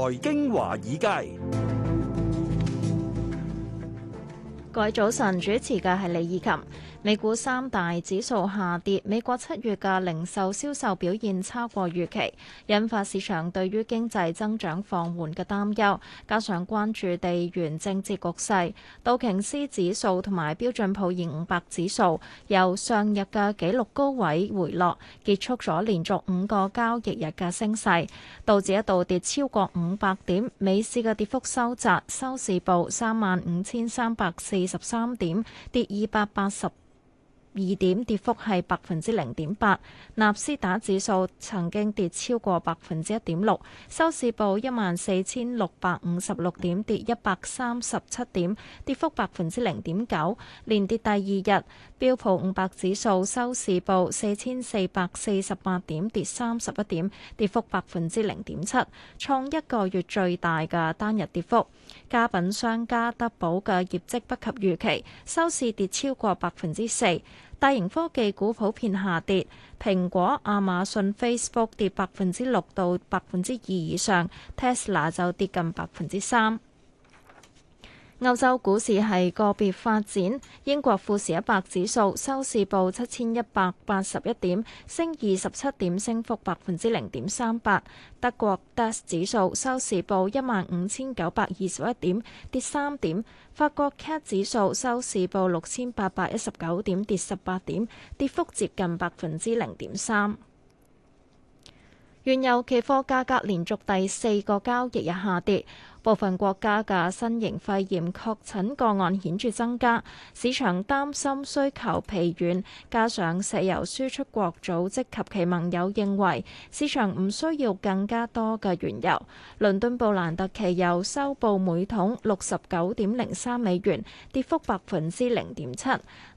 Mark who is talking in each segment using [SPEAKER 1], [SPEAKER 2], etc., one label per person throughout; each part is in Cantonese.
[SPEAKER 1] 財經華爾街，
[SPEAKER 2] 各位早晨，主持嘅係李以琴。美股三大指數下跌，美國七月嘅零售銷售表現差過預期，引發市場對於經濟增長放緩嘅擔憂，加上關注地緣政治局勢，道瓊斯指數同埋標準普爾五百指數由上日嘅紀錄高位回落，結束咗連續五個交易日嘅升勢，道指一度跌超過五百點，美市嘅跌幅收窄，收市報三萬五千三百四十三點，跌二百八十。二點跌幅係百分之零點八，納斯達指數曾經跌超過百分之一點六，收市報一萬四千六百五十六點，跌一百三十七點，跌幅百分之零點九，連跌第二日。標普五百指數收市報四千四百四十八點，跌三十一點，跌幅百分之零點七，創一個月最大嘅單日跌幅。家品商家得寶嘅業績不及預期，收市跌超過百分之四。大型科技股普遍下跌，蘋果、亞馬遜、Facebook 跌百分之六到百分之二以上，Tesla 就跌近百分之三。歐洲股市係個別發展，英國富時一百指數收市報七千一百八十一點，升二十七點，升幅百分之零點三八。德國 DAX 指數收市報一萬五千九百二十一點，跌三點。法國 CAC 指數收市報六千八百一十九點，跌十八點，跌幅接近百分之零點三。原油期貨價格連續第四個交易日下跌，部分國家嘅新型肺炎確診個案顯著增加，市場擔心需求疲軟，加上石油輸出國組織及其盟友認為市場唔需要更加多嘅原油。倫敦布蘭特期油收報每桶六十九點零三美元，跌幅百分之零點七；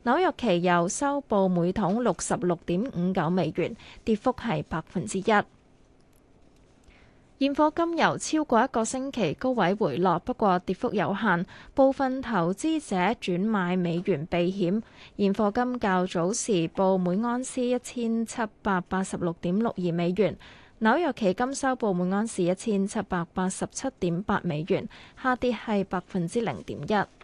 [SPEAKER 2] 紐約期油收報每桶六十六點五九美元，跌幅係百分之一。現貨金由超過一個星期高位回落，不過跌幅有限。部分投資者轉買美元避險。現貨金較早時報每盎司一千七百八十六點六二美元，紐約期金收報每盎司一千七百八十七點八美元，下跌係百分之零點一。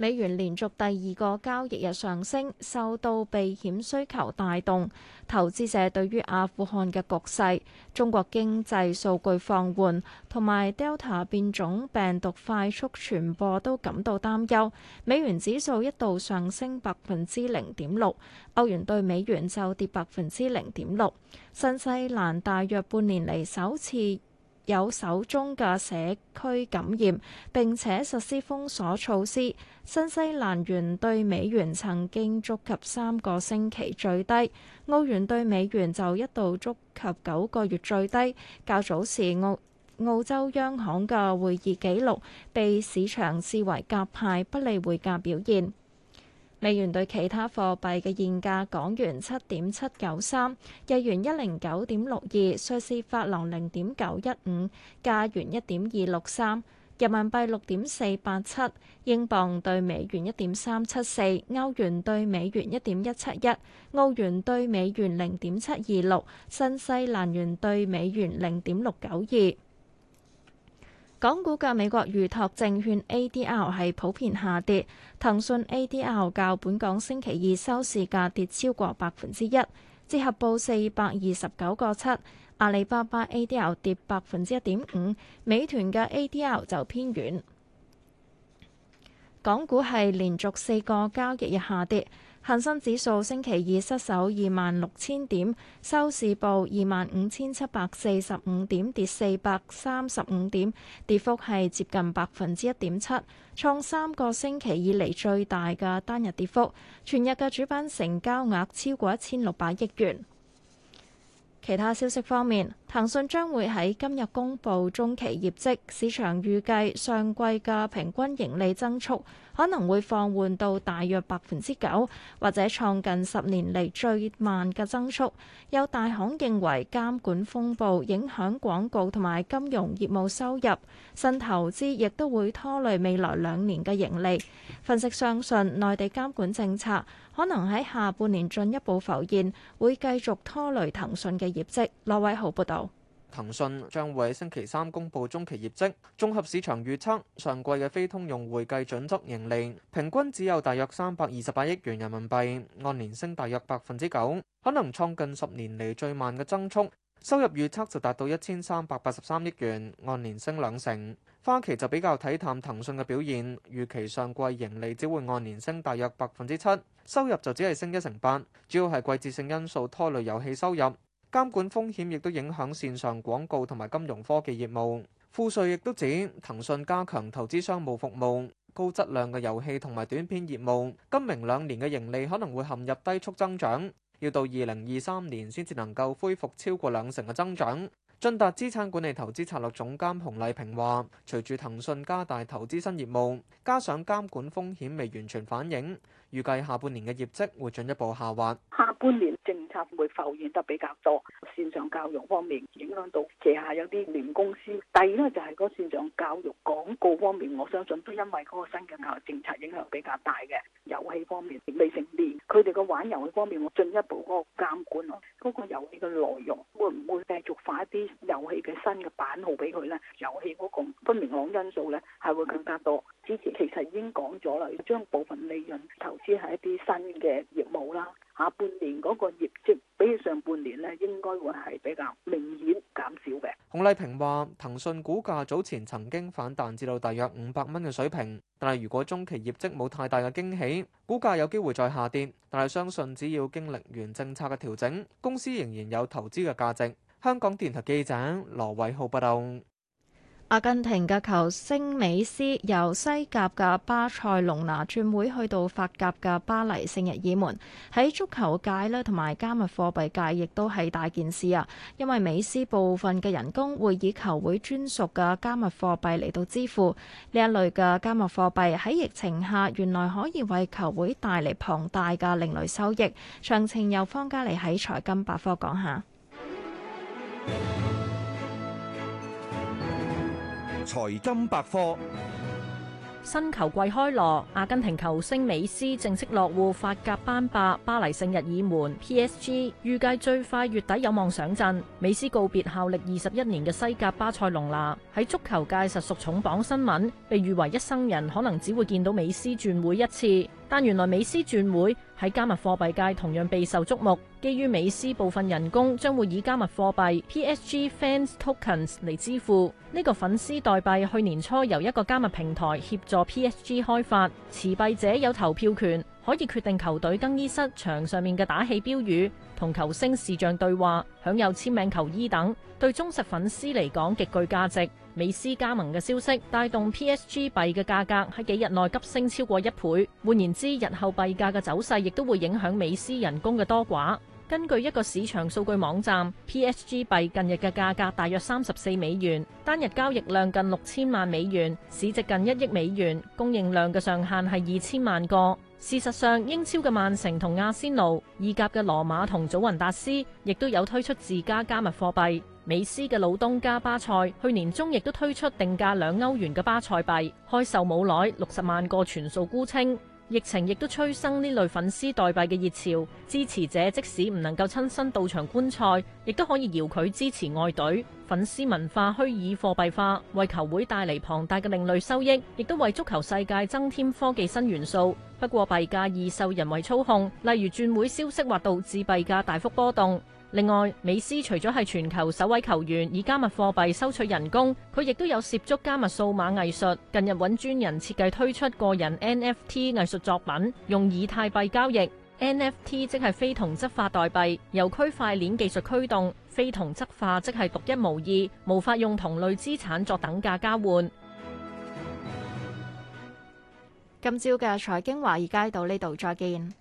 [SPEAKER 2] 美元連續第二個交易日上升，受到避險需求帶動。投資者對於阿富汗嘅局勢、中國經濟數據放緩同埋 Delta 變種病毒快速傳播都感到擔憂。美元指數一度上升百分之零點六，歐元對美元就跌百分之零點六。新西蘭大約半年嚟首次。有手中嘅社區感染，並且實施封鎖措施。新西蘭元對美元曾經觸及三個星期最低，澳元對美元就一度觸及九個月最低。較早時，澳澳洲央行嘅會議紀錄被市場視為鴿派，不利匯價表現。美元對其他貨幣嘅現價：港元七點七九三，日元一零九點六二，瑞士法郎零點九一五，加元一點二六三，人民幣六點四八七，英鎊對美元一點三七四，歐元對美元一點一七一，澳元對美元零點七二六，新西蘭元對美元零點六九二。港股嘅美國預託證券 ADR 係普遍下跌，騰訊 ADR 較本港星期二收市價跌超過百分之一，折合報四百二十九個七，阿里巴巴 ADR 跌百分之一點五，美團嘅 ADR 就偏軟。港股係連續四個交易日下跌。恒生指數星期二失守二萬六千點，收市報二萬五千七百四十五點，跌四百三十五點，跌幅係接近百分之一點七，創三個星期以嚟最大嘅單日跌幅。全日嘅主板成交額超過一千六百億元。其他消息方面，騰訊將會喺今日公布中期業績，市場預計上季嘅平均盈利增速可能會放緩到大約百分之九，或者創近十年嚟最慢嘅增速。有大行認為監管風暴影響廣告同埋金融業務收入，新投資亦都會拖累未來兩年嘅盈利。分析相信內地監管政策可能喺下半年進一步浮現，會繼續拖累騰訊嘅業績，羅偉豪報道。
[SPEAKER 1] 騰訊將會喺星期三公布中期業績，綜合市場預測，上季嘅非通用會計準則盈利平均只有大約三百二十八億元人民幣，按年升大約百分之九，可能創近十年嚟最慢嘅增速。收入預測就達到一千三百八十三億元，按年升兩成。花旗就比較睇淡騰訊嘅表現，預期上季盈利只會按年升大約百分之七，收入就只係升一成八，主要係季節性因素拖累遊戲收入。監管風險亦都影響線上廣告同埋金融科技業務。富瑞亦都指騰訊加強投資商務服務、高質量嘅遊戲同埋短片業務。今明兩年嘅盈利可能會陷入低速增長，要到二零二三年先至能夠恢復超過兩成嘅增長。晉達資產管理投資策略總監洪麗萍話：隨住騰訊加大投資新業務，加上監管風險未完全反映，預計下半年嘅業績會進一步下滑。
[SPEAKER 3] 觀念政策會浮現得比較多，線上教育方面影響到旗下有啲聯公司。第二呢，就係、是、嗰線上教育廣告方面，我相信都因為嗰個新嘅教育政策影響比較大嘅遊戲方面，未成年佢哋個玩遊戲方面，我進一步嗰個監管啊，嗰、那個遊戲嘅內容會唔會繼續發一啲遊戲嘅新嘅版號俾佢咧？遊戲嗰個不明朗因素咧係會更加多。之前其實已經講咗啦，將部分利潤投資喺一啲新嘅業務啦嚇。下年
[SPEAKER 1] 嗰個業績，比上半年咧，應該會係比較明顯減少嘅。洪麗萍話騰訊股價早前曾經反彈至到大約五百蚊嘅水平，但係如果中期業績冇太大嘅驚喜，股價有機會再下跌。但係相信只要經歷完政策嘅調整，公司仍然有投資嘅價值。香港電台記者羅偉浩報道。
[SPEAKER 2] 阿根廷嘅球星美斯由西甲嘅巴塞隆拿轉會去到法甲嘅巴黎聖日耳門，喺足球界咧同埋加密貨幣界亦都係大件事啊！因為美斯部分嘅人工會以球會專屬嘅加密貨幣嚟到支付，呢一類嘅加密貨幣喺疫情下原來可以為球會帶嚟龐大嘅另類收益。詳情由方嘉莉喺財
[SPEAKER 3] 金百科講下。
[SPEAKER 1] 財金百科。
[SPEAKER 3] 新球季開鑼，阿根廷球星美斯正式落戶法甲班霸巴黎聖日耳門 （PSG），預計最快月底有望上陣。美斯告別效力二十一年嘅西甲巴塞隆拿，喺足球界實屬重磅新聞，被譽為一生人可能只會見到美斯轉會一次。但原來美斯轉會喺加密貨幣界同樣備受觸目，基於美斯部分人工將會以加密貨幣 PSG Fans Tokens 嚟支付。呢個粉絲代幣去年初由一個加密平台協助 PSG 開發，持幣者有投票權，可以決定球隊更衣室牆上面嘅打氣標語、同球星視像對話、享有簽名球衣等，對忠實粉絲嚟講極具價值。美斯加盟嘅消息，帶動 P S G 幣嘅價格喺幾日內急升超過一倍。換言之，日後幣價嘅走勢亦都會影響美斯人工嘅多寡。根據一個市場數據網站，P S G 幣近日嘅價格大約三十四美元，單日交易量近六千萬美元，市值近一億美元，供應量嘅上限係二千萬個。事實上，英超嘅曼城同阿仙奴，意甲嘅羅馬同祖雲達斯，亦都有推出自家加密貨幣。美斯嘅老東家巴塞去年中亦都推出定價兩歐元嘅巴塞幣，開售冇耐，六十萬個全數沽清。疫情亦都催生呢類粉絲代幣嘅熱潮，支持者即使唔能夠親身到場觀賽，亦都可以遙距支持外隊。粉絲文化虛擬貨幣化為球會帶嚟龐大嘅另類收益，亦都為足球世界增添科技新元素。不過幣價易受人為操控，例如轉會消息或導致幣價大幅波動。另外，美斯除咗係全球首位球員以加密貨幣收取人工，佢亦都有涉足加密數碼藝術。近日揾專人設計推出個人 NFT 藝術作品，用以太幣交易。NFT 即係非同質化代幣，由區塊鏈技術驅動。非同質化即係獨一無二，無法用同類資產作等價交換。今朝嘅
[SPEAKER 2] 財經華爾街到呢度，再見。